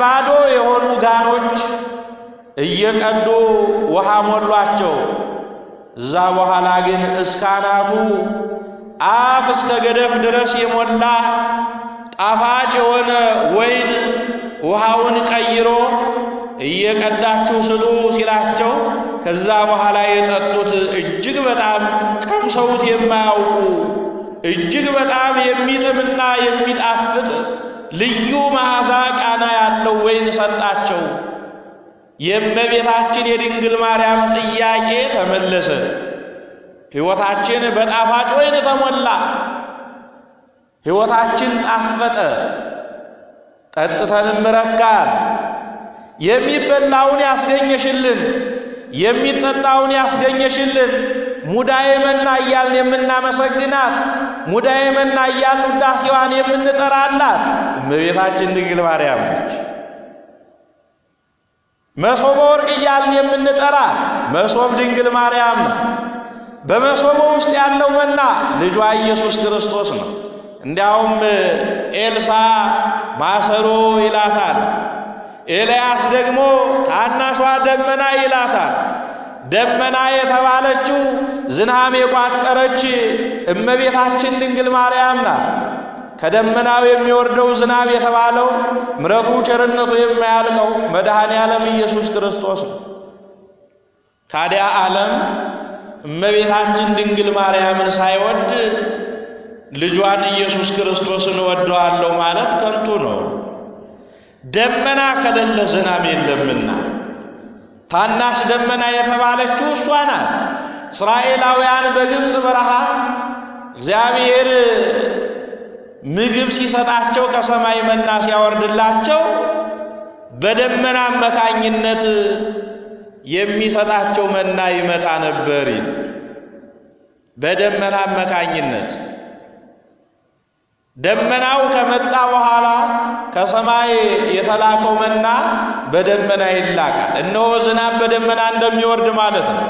ባዶ የሆኑ ጋኖች እየቀዱ ውሃ ሞሏቸው። እዛ በኋላ ግን እስከ አናቱ አፍ እስከ ገደፍ ድረስ የሞላ ጣፋጭ የሆነ ወይን ውሃውን ቀይሮ እየቀዳችሁ ስጡ ሲላቸው ከዛ በኋላ የጠጡት እጅግ በጣም ቀምሰውት የማያውቁ እጅግ በጣም የሚጥምና የሚጣፍጥ ልዩ መዓዛ ቃና ያለው ወይን ሰጣቸው። የእመቤታችን የድንግል ማርያም ጥያቄ ተመለሰ። ሕይወታችን በጣፋጭ ወይን ተሞላ። ሕይወታችን ጣፈጠ፣ ጠጥተንም ረካን። የሚበላውን ያስገኘሽልን፣ የሚጠጣውን ያስገኘሽልን ሙዳዬ መና እያልን የምናመሰግናት ሙዳዬ መና እያልን ውዳሴዋን የምንጠራላት እመቤታችን ድንግል ማርያም ነች። መሶበ ወርቅ እያልን የምንጠራ መሶብ ድንግል ማርያም ነው። በመሶበ ውስጥ ያለው መና ልጇ ኢየሱስ ክርስቶስ ነው። እንዲያውም ኤልሳ ማሰሮ ይላታል፣ ኤልያስ ደግሞ ታናሿ ደመና ይላታል። ደመና የተባለችው ዝናም የቋጠረች እመቤታችን ድንግል ማርያም ናት። ከደመናው የሚወርደው ዝናብ የተባለው ምረቱ ቸርነቱ የማያልቀው መድኃኔ ዓለም ኢየሱስ ክርስቶስ ነው። ታዲያ ዓለም እመቤታችን ድንግል ማርያምን ሳይወድ ልጇን ኢየሱስ ክርስቶስን ወደዋለሁ ማለት ከንቱ ነው። ደመና ከሌለ ዝናብ የለምና ታናሽ ደመና የተባለችው እሷ ናት። እስራኤላውያን በግብፅ በረሃ እግዚአብሔር ምግብ ሲሰጣቸው ከሰማይ መና ሲያወርድላቸው በደመና መካኝነት የሚሰጣቸው መና ይመጣ ነበር። በደመና መካኝነት። ደመናው ከመጣ በኋላ ከሰማይ የተላከው መና በደመና ይላካል። እነሆ ዝናብ በደመና እንደሚወርድ ማለት ነው።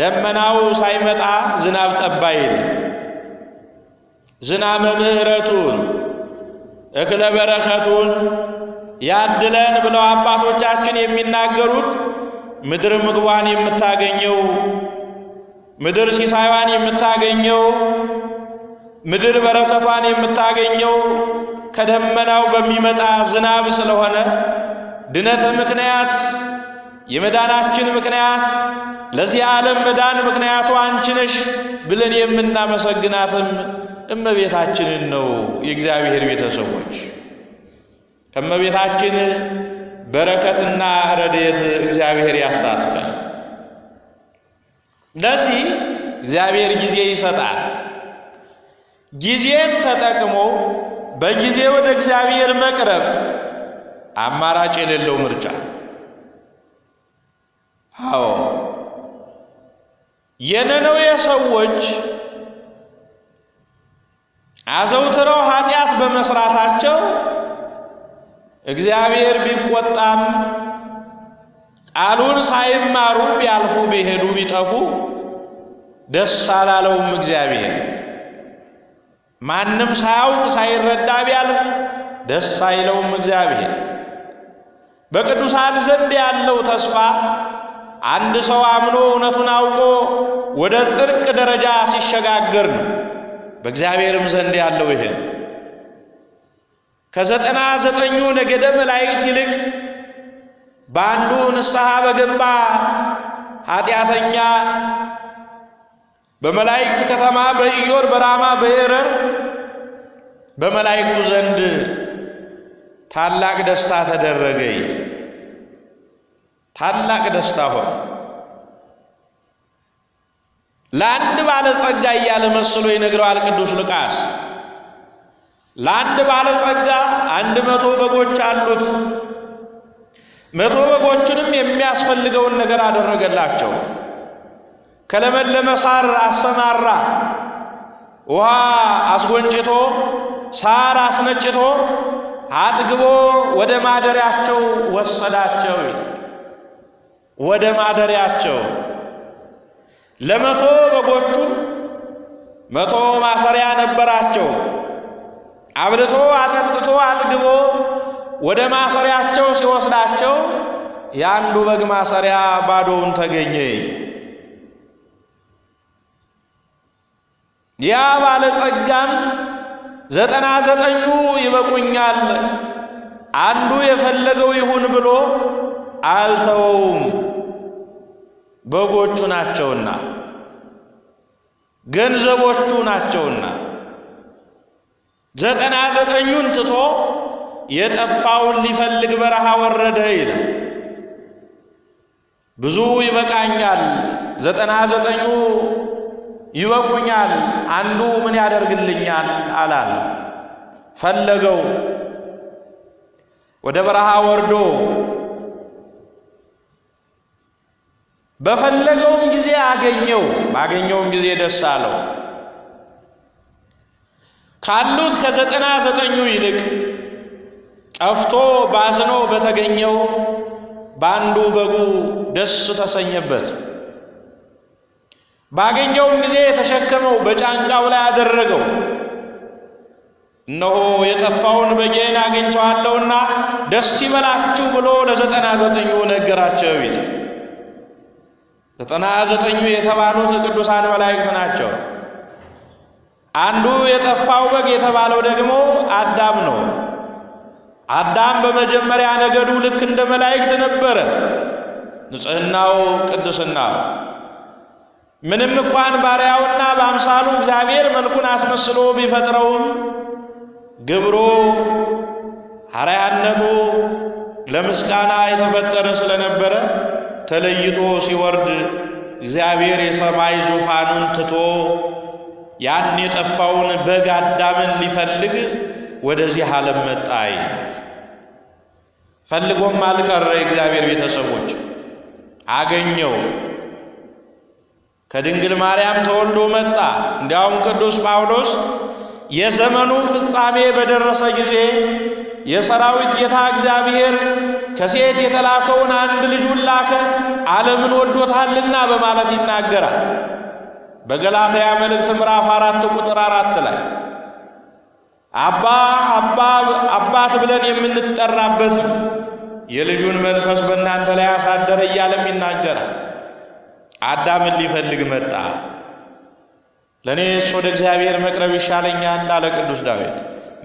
ደመናው ሳይመጣ ዝናብ ጠባይል ዝናብ ምሕረቱን እክለ በረከቱን ያድለን ብለው አባቶቻችን የሚናገሩት ምድር ምግቧን የምታገኘው ምድር ሲሳይዋን የምታገኘው ምድር በረከቷን የምታገኘው ከደመናው በሚመጣ ዝናብ ስለሆነ ድነተ ምክንያት የመዳናችን ምክንያት ለዚህ ዓለም መዳን ምክንያቱ አንቺ ነሽ ብለን የምናመሰግናትም እመቤታችንን ነው። የእግዚአብሔር ቤተሰቦች ከእመቤታችን በረከትና ረድኤት እግዚአብሔር ያሳትፈን። ለዚህ እግዚአብሔር ጊዜ ይሰጣል። ጊዜን ተጠቅሞ በጊዜ ወደ እግዚአብሔር መቅረብ አማራጭ የሌለው ምርጫ። አዎ የነነዌ ሰዎች አዘውትረው ኃጢአት በመስራታቸው እግዚአብሔር ቢቆጣም ቃሉን ሳይማሩ ቢያልፉ ቢሄዱ ቢጠፉ ደስ አላለውም እግዚአብሔር። ማንም ሳያውቅ ሳይረዳ ቢያልፍ ደስ አይለውም እግዚአብሔር። በቅዱሳን ዘንድ ያለው ተስፋ አንድ ሰው አምኖ እውነቱን አውቆ ወደ ጽድቅ ደረጃ ሲሸጋገር ነው። በእግዚአብሔርም ዘንድ ያለው ይሄ ከዘጠና ዘጠኙ ነገደ መላእክት ይልቅ በአንዱ ንስሐ በገባ ኃጢአተኛ በመላእክት ከተማ በኢዮር በራማ በኤረር በመላእክቱ ዘንድ ታላቅ ደስታ ተደረገ። ታላቅ ደስታ ሆነ። ለአንድ ባለጸጋ እያለ መስሎ ይነግረዋል ቅዱስ ሉቃስ። ለአንድ ባለጸጋ አንድ መቶ በጎች አሉት። መቶ በጎችንም የሚያስፈልገውን ነገር አደረገላቸው። ከለመለመ ሳር አሰማራ፣ ውሃ አስጎንጭቶ ሳር አስነጭቶ አጥግቦ ወደ ማደሪያቸው ወሰዳቸው። ወደ ማደሪያቸው ለመቶ በጎቹ መቶ ማሰሪያ ነበራቸው። አብልቶ አጠጥቶ አጥግቦ ወደ ማሰሪያቸው ሲወስዳቸው የአንዱ በግ ማሰሪያ ባዶውን ተገኘ። ያ ባለጸጋም ዘጠና ዘጠኙ ይበቁኛል አንዱ የፈለገው ይሁን ብሎ አልተወውም፣ በጎቹ ናቸውና ገንዘቦቹ ናቸውና ዘጠና ዘጠኙን ትቶ የጠፋውን ሊፈልግ በረሃ ወረደ ይላል። ብዙ ይበቃኛል ዘጠና ዘጠኙ ይበቁኛል፣ አንዱ ምን ያደርግልኛል አላል። ፈለገው ወደ በረሃ ወርዶ በፈለገውም ጊዜ አገኘው። ባገኘውም ጊዜ ደስ አለው። ካሉት ከዘጠና ዘጠኙ ይልቅ ቀፍቶ ባዝኖ በተገኘው በአንዱ በጉ ደስ ተሰኘበት። ባገኘውም ጊዜ ተሸከመው፣ በጫንቃው ላይ አደረገው። እነሆ የጠፋውን በጌን አለውና ደስ ይበላችሁ ብሎ ለዘጠና ዘጠኙ ነገራቸው ይላል። ዘጠና ዘጠኙ የተባሉት ቅዱሳን መላእክት ናቸው። አንዱ የጠፋው በግ የተባለው ደግሞ አዳም ነው። አዳም በመጀመሪያ ነገዱ ልክ እንደ መላእክት ነበረ፣ ንጽህናው፣ ቅድስናው ምንም እንኳን ባሪያውና በአምሳሉ እግዚአብሔር መልኩን አስመስሎ ቢፈጥረውም ግብሮ ሐራያነቱ ለምስጋና የተፈጠረ ስለነበረ ተለይቶ ሲወርድ እግዚአብሔር የሰማይ ዙፋኑን ትቶ ያን የጠፋውን በግ አዳምን ሊፈልግ ወደዚህ ዓለም መጣይ ፈልጎም አልቀረ። የእግዚአብሔር ቤተሰቦች አገኘው። ከድንግል ማርያም ተወልዶ መጣ። እንዲያውም ቅዱስ ጳውሎስ የዘመኑ ፍጻሜ በደረሰ ጊዜ የሰራዊት ጌታ እግዚአብሔር ከሴት የተላከውን አንድ ልጁን ላከ፣ ዓለምን ወዶታልና በማለት ይናገራል። በገላትያ መልእክት ምዕራፍ አራት ቁጥር አራት ላይ አባ አባ አባት ብለን የምንጠራበት የልጁን መንፈስ በእናንተ ላይ አሳደረ እያለም ይናገራል። አዳምን ሊፈልግ መጣ። ለእኔስ ወደ እግዚአብሔር መቅረብ ይሻለኛል አለ ቅዱስ ዳዊት።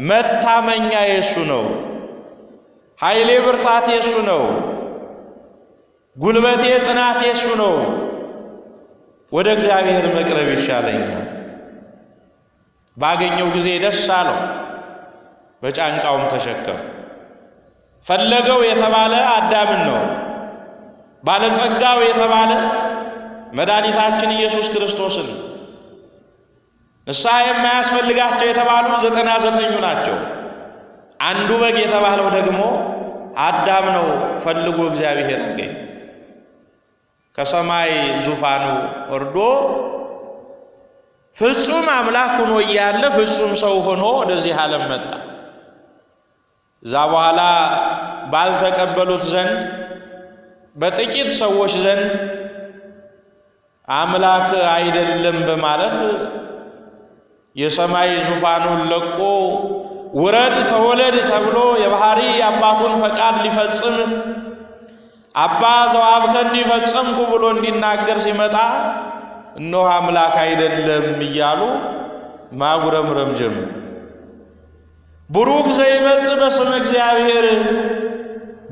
መታመኛ የእሱ ነው። ኃይሌ ብርታት የእሱ ነው። ጉልበቴ ጽናት የእሱ ነው። ወደ እግዚአብሔር መቅረብ ይሻለኛል። ባገኘው ጊዜ ደስ አለው፣ በጫንቃውም ተሸከም። ፈለገው የተባለ አዳምን ነው። ባለጸጋው የተባለ መድኃኒታችን ኢየሱስ ክርስቶስን ንስሐ የማያስፈልጋቸው የተባሉ ዘጠና ዘጠኙ ናቸው። አንዱ በግ የተባለው ደግሞ አዳም ነው። ፈልጎ እግዚአብሔር ያገኝ ከሰማይ ዙፋኑ ወርዶ ፍጹም አምላክ ሆኖ እያለ ፍጹም ሰው ሆኖ ወደዚህ ዓለም መጣ። እዛ በኋላ ባልተቀበሉት ዘንድ በጥቂት ሰዎች ዘንድ አምላክ አይደለም በማለት የሰማይ ዙፋኑን ለቆ ውረድ ተወለድ ተብሎ የባህሪ አባቱን ፈቃድ ሊፈጽም አባ ዘዋብከኒ ፈጸምኩ ብሎ እንዲናገር ሲመጣ እነሆ አምላክ አይደለም እያሉ ማጉረምረም ጀመሩ። ብሩክ ዘይመጽእ በስመ እግዚአብሔር፣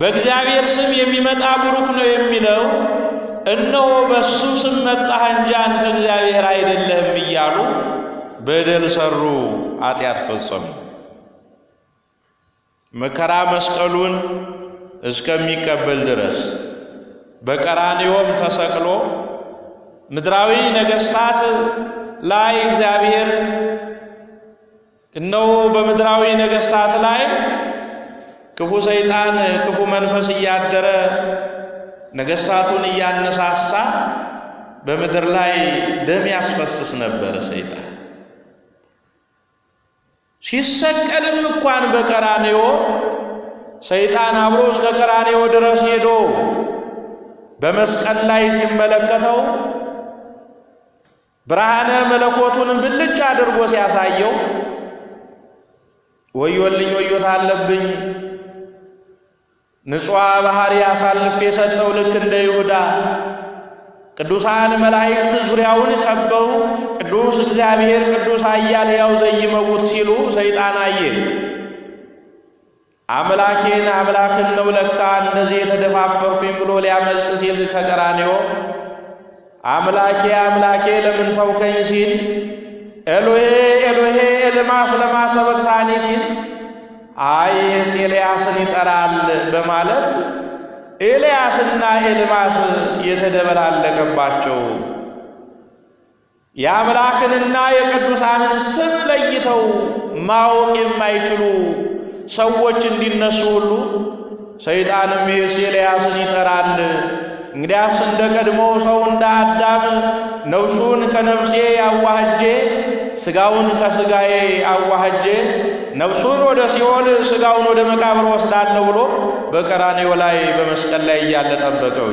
በእግዚአብሔር ስም የሚመጣ ብሩክ ነው የሚለው እነሆ በእሱ ስም መጣህ እንጂ አንተ እግዚአብሔር አይደለህም እያሉ በደል ሰሩ፣ ኃጢአት ፈጸሙ። መከራ መስቀሉን እስከሚቀበል ድረስ በቀራንዮም ተሰቅሎ ምድራዊ ነገሥታት ላይ እግዚአብሔር እነሆ በምድራዊ ነገሥታት ላይ ክፉ ሰይጣን ክፉ መንፈስ እያደረ ነገስታቱን እያነሳሳ በምድር ላይ ደም ያስፈስስ ነበረ ሰይጣን። ሲሰቀልም እንኳን በቀራኔዎ ሰይጣን አብሮ እስከ ቀራኔዎ ድረስ ሄዶ በመስቀል ላይ ሲመለከተው ብርሃነ መለኮቱን ብልጭ አድርጎ ሲያሳየው ወዮልኝ ወዮታ አለብኝ ንጹሐ ባህሪ አሳልፍ የሰጠው ልክ እንደ ይሁዳ ቅዱሳን መላእክት ዙሪያውን ከበው ቅዱስ እግዚአብሔር ቅዱስ ኃያል ሕያው ዘይመውት ሲሉ ሰይጣን አየ። አምላኬን አምላክን ነው ለካ እንደዚህ የተደፋፈርኩኝ ብሎ ሊያመልጥ ሲል ከቀራኔዎ አምላኬ አምላኬ ለምን ተውከኝ ሲል ኤሎሄ ኤሎሄ ኤልማ ስለማሰበክታኒ ሲል አይ ይህስ ኤልያስን ይጠራል በማለት ኤልያስና ኤልማስ የተደበላለቀባቸው የአምላክንና የቅዱሳንን ስም ለይተው ማወቅ የማይችሉ ሰዎች እንዲነሱ ሁሉ ሰይጣንም ይህስ ኤልያስን ይጠራል እንግዲያስ እንደ ቀድሞ ሰው እንደ አዳም ነፍሱን ከነፍሴ ያዋህጄ ስጋውን ከስጋዬ አዋህጄ ነፍሱን ወደ ሲኦል ስጋውን ወደ መቃብር ወስዳለሁ ብሎ በቀራኔው ላይ በመስቀል ላይ እያለ ጠበቀው።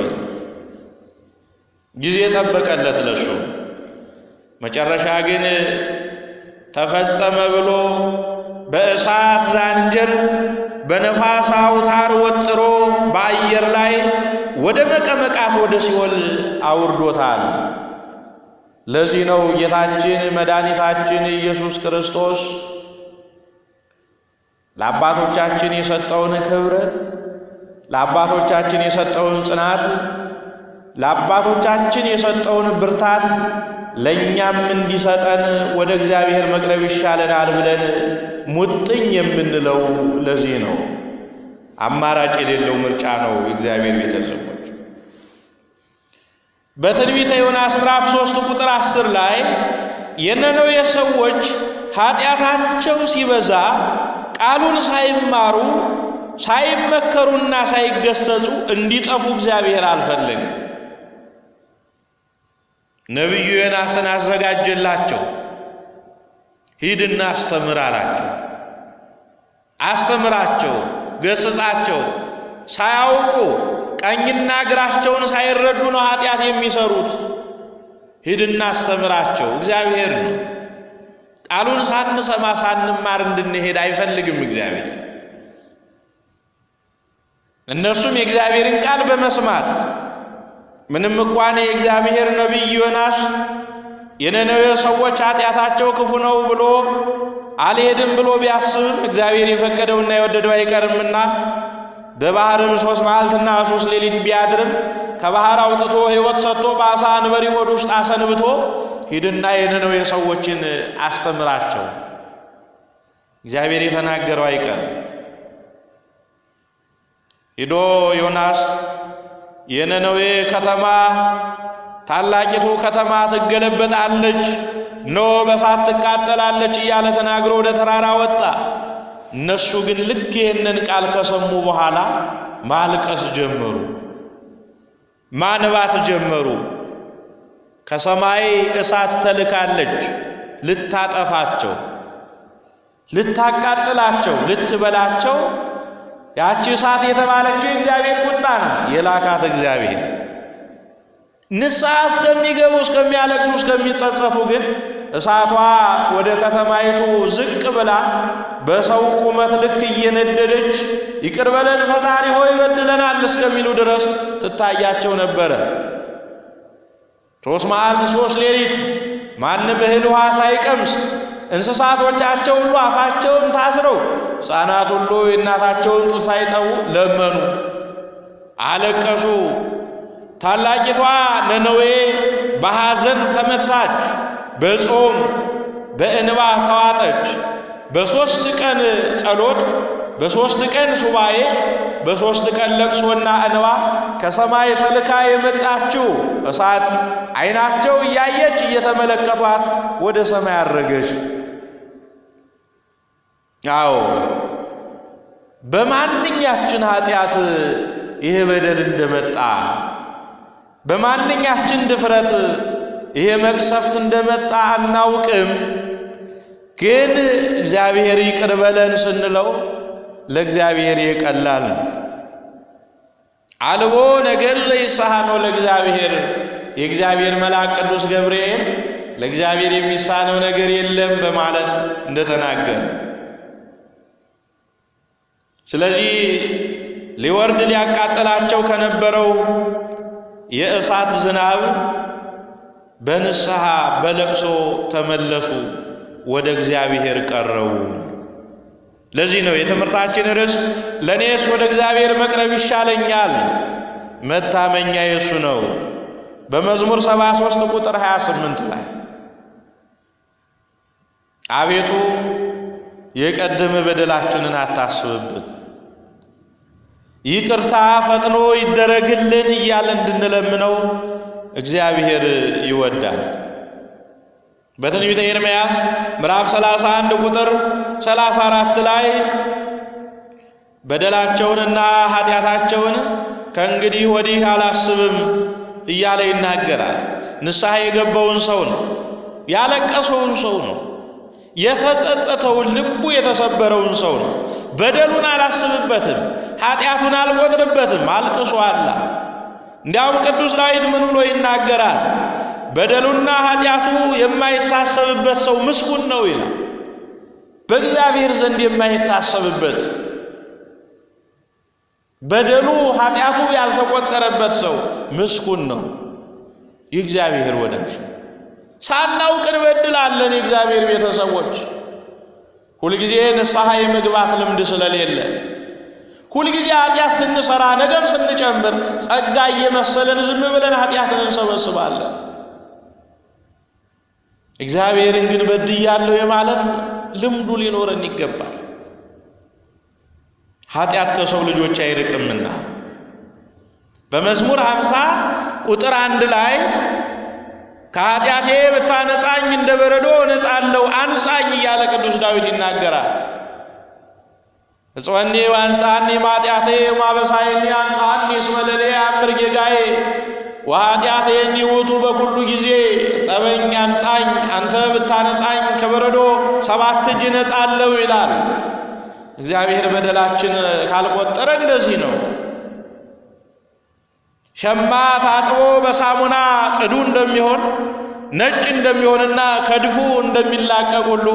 ጊዜ ጠበቀለት ለሱ። መጨረሻ ግን ተፈጸመ ብሎ በእሳት ዛንጀር በነፋስ አውታር ወጥሮ በአየር ላይ ወደ መቀመቃት ወደ ሲኦል አውርዶታል። ለዚህ ነው ጌታችን መድኃኒታችን ኢየሱስ ክርስቶስ ለአባቶቻችን የሰጠውን ክብር፣ ለአባቶቻችን የሰጠውን ጽናት፣ ለአባቶቻችን የሰጠውን ብርታት ለእኛም እንዲሰጠን ወደ እግዚአብሔር መቅረብ ይሻለናል ብለን ሙጥኝ የምንለው ለዚህ ነው። አማራጭ የሌለው ምርጫ ነው የእግዚአብሔር ቤተሰቦች በትንቢተ ዮናስ ምዕራፍ 3 ቁጥር 10 ላይ የነነዌ ሰዎች ኃጢአታቸው ሲበዛ ቃሉን ሳይማሩ ሳይመከሩና ሳይገሰጹ እንዲጠፉ እግዚአብሔር አልፈልግ ነቢዩ ዮናስን አዘጋጀላቸው። ሂድና አስተምር አላቸው። አስተምራቸው፣ ገስጻቸው ሳያውቁ ቀኝና እግራቸውን ሳይረዱ ነው ኃጢአት የሚሰሩት። ሂድና አስተምራቸው። እግዚአብሔር ነው ቃሉን ሳንሰማ ሳንማር እንድንሄድ አይፈልግም እግዚአብሔር። እነሱም የእግዚአብሔርን ቃል በመስማት ምንም እንኳን የእግዚአብሔር ነቢይ ዮናስ የነነዌ ሰዎች ኃጢአታቸው ክፉ ነው ብሎ አልሄድም ብሎ ቢያስብም እግዚአብሔር የፈቀደውና የወደደው አይቀርምና በባህርም ሶስት መዓልትና ሶስት ሌሊት ቢያድርም ከባህር አውጥቶ ሕይወት ሰጥቶ በአሳ አንበሪ ሆድ ውስጥ አሰንብቶ ሂድና የነነዌ ሰዎችን አስተምራቸው እግዚአብሔር የተናገረው አይቀርም። ሂዶ ዮናስ የነነዌ ከተማ ታላቂቱ ከተማ ትገለበጣለች፣ ኖ በሳት ትቃጠላለች እያለ ተናግሮ ወደ ተራራ ወጣ። እነሱ ግን ልክ ይህንን ቃል ከሰሙ በኋላ ማልቀስ ጀመሩ፣ ማንባት ጀመሩ። ከሰማይ እሳት ተልካለች ልታጠፋቸው፣ ልታቃጥላቸው፣ ልትበላቸው። ያቺ እሳት የተባለችው የእግዚአብሔር ቁጣ ናት፣ የላካት እግዚአብሔር። ንስሐ እስከሚገቡ እስከሚያለቅሱ፣ እስከሚጸጸቱ ግን እሳቷ ወደ ከተማይቱ ዝቅ ብላ በሰው ቁመት ልክ እየነደደች ይቅር በለን ፈጣሪ ሆይ በድለናል እስከሚሉ ድረስ ትታያቸው ነበረ። ሦስት መዓልት ሶስት ሌሊት ማንም እህል ውሃ ሳይቀምስ እንስሳቶቻቸው ሁሉ አፋቸውን ታስረው ሕፃናት ሁሉ የእናታቸውን ጡት ሳይጠቡ ለመኑ፣ አለቀሱ። ታላቂቷ ነነዌ በሐዘን ተመታች። በጾም በእንባ ተዋጠች። በሦስት ቀን ጸሎት፣ በሦስት ቀን ሱባኤ፣ በሦስት ቀን ለቅሶና እንባ ከሰማይ ተልካ የመጣችው እሳት ዓይናቸው እያየች እየተመለከቷት ወደ ሰማይ አረገች። አዎ በማንኛችን ኃጢአት ይህ በደል እንደመጣ በማንኛችን ድፍረት ይሄ መቅሰፍት እንደመጣ አናውቅም። ግን እግዚአብሔር ይቅር በለን ስንለው ለእግዚአብሔር ይቀላል አልቦ ነገር ዘይሳነው ለእግዚአብሔር የእግዚአብሔር መልአክ ቅዱስ ገብርኤል ለእግዚአብሔር የሚሳነው ነገር የለም በማለት እንደተናገረ ስለዚህ ሊወርድ ሊያቃጥላቸው ከነበረው የእሳት ዝናብ በንስሐ በለቅሶ ተመለሱ፣ ወደ እግዚአብሔር ቀረቡ። ለዚህ ነው የትምህርታችን ርዕስ ለእኔስ ወደ እግዚአብሔር መቅረብ ይሻለኛል፣ መታመኛ የሱ ነው። በመዝሙር 73 ቁጥር 28 ላይ አቤቱ የቀደመ በደላችንን አታስብብን፣ ይቅርታ ፈጥኖ ይደረግልን እያለ እንድንለምነው እግዚአብሔር ይወዳል። በትንቢተ ኤርምያስ ምዕራፍ 31 ቁጥር 34 ላይ በደላቸውንና ኃጢአታቸውን ከእንግዲህ ወዲህ አላስብም እያለ ይናገራል። ንስሐ የገባውን ሰው ነው፣ ያለቀሰውን ሰው ነው፣ የተጸጸተውን ልቡ የተሰበረውን ሰው ነው። በደሉን አላስብበትም፣ ኃጢአቱን አልቆጥርበትም። አልቅሶ አላ እንዲያውም ቅዱስ ዳዊት ምን ብሎ ይናገራል? በደሉና ኃጢአቱ የማይታሰብበት ሰው ምስጉን ነው ይላል። በእግዚአብሔር ዘንድ የማይታሰብበት በደሉ ኃጢአቱ ያልተቆጠረበት ሰው ምስጉን ነው። የእግዚአብሔር ወዳጅ ሳናውቅ እንበድላለን። የእግዚአብሔር ቤተሰቦች ሁልጊዜ ንስሐ የመግባት ልምድ ስለሌለ ሁልጊዜ ኃጢአት ስንሰራ ነገም ስንጨምር ጸጋ እየመሰለን ዝም ብለን ኃጢአትን እንሰበስባለን። እግዚአብሔርን ግን በድያለሁ የማለት ልምዱ ሊኖረን ይገባል። ኃጢአት ከሰው ልጆች አይርቅምና በመዝሙር ሀምሳ ቁጥር አንድ ላይ ከኃጢአቴ ብታነጻኝ እንደ በረዶ እነጻለሁ አንጻኝ እያለ ቅዱስ ዳዊት ይናገራል። እጽወኒ ወአንጻኒ ማጢአቴ ማበሳይኒ አንጻኒ ስመደሌ ለእለ ጌጋዬ ወኃጢአቴኒ በኩሉ ጊዜ ጠበኝ አንጻኝ፣ አንተ ብታነጻኝ ከበረዶ ሰባት እጅ እነጻለሁ ይላል። እግዚአብሔር በደላችን ካልቆጠረ እንደዚህ ነው። ሸማ ታጥቦ በሳሙና ጽዱ እንደሚሆን ነጭ እንደሚሆንና ከድፉ እንደሚላቀቅ ሁሉ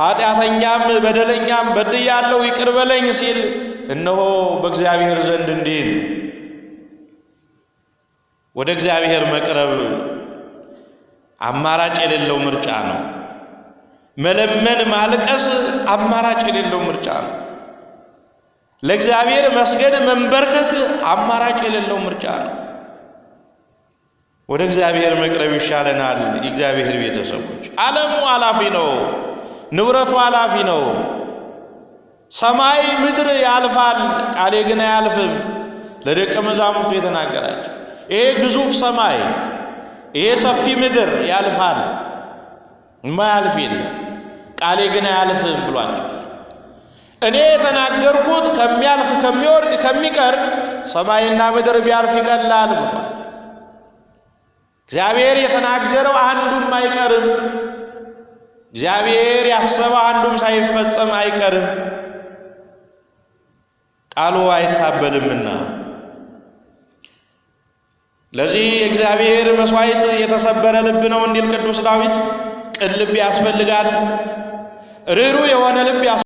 ኃጢአተኛም በደለኛም በድያለሁ ይቅር በለኝ ሲል እነሆ በእግዚአብሔር ዘንድ እንዲል ወደ እግዚአብሔር መቅረብ አማራጭ የሌለው ምርጫ ነው። መለመን ማልቀስ አማራጭ የሌለው ምርጫ ነው። ለእግዚአብሔር መስገድ መንበርከክ አማራጭ የሌለው ምርጫ ነው። ወደ እግዚአብሔር መቅረብ ይሻለናል። የእግዚአብሔር ቤተሰቦች ዓለሙ አላፊ ነው። ንብረቱ ኃላፊ ነው። ሰማይ ምድር ያልፋል፣ ቃሌ ግን አያልፍም ለደቀ መዛሙርቱ የተናገራቸው። ይሄ ግዙፍ ሰማይ፣ ይሄ ሰፊ ምድር ያልፋል፣ የማያልፍ የለም፣ ቃሌ ግን አያልፍም ብሏቸው እኔ የተናገርኩት ከሚያልፍ ከሚወድቅ ከሚቀር ሰማይና ምድር ቢያልፍ ይቀላል ብሏል። እግዚአብሔር የተናገረው አንዱም አይቀርም። እግዚአብሔር ያሰበው አንዱም ሳይፈጸም አይቀርም፣ ቃሉ አይታበልምና። ለዚህ እግዚአብሔር መስዋዕት የተሰበረ ልብ ነው እንዲል ቅዱስ ዳዊት ቅን ልብ ያስፈልጋል፣ ርሩ የሆነ ልብ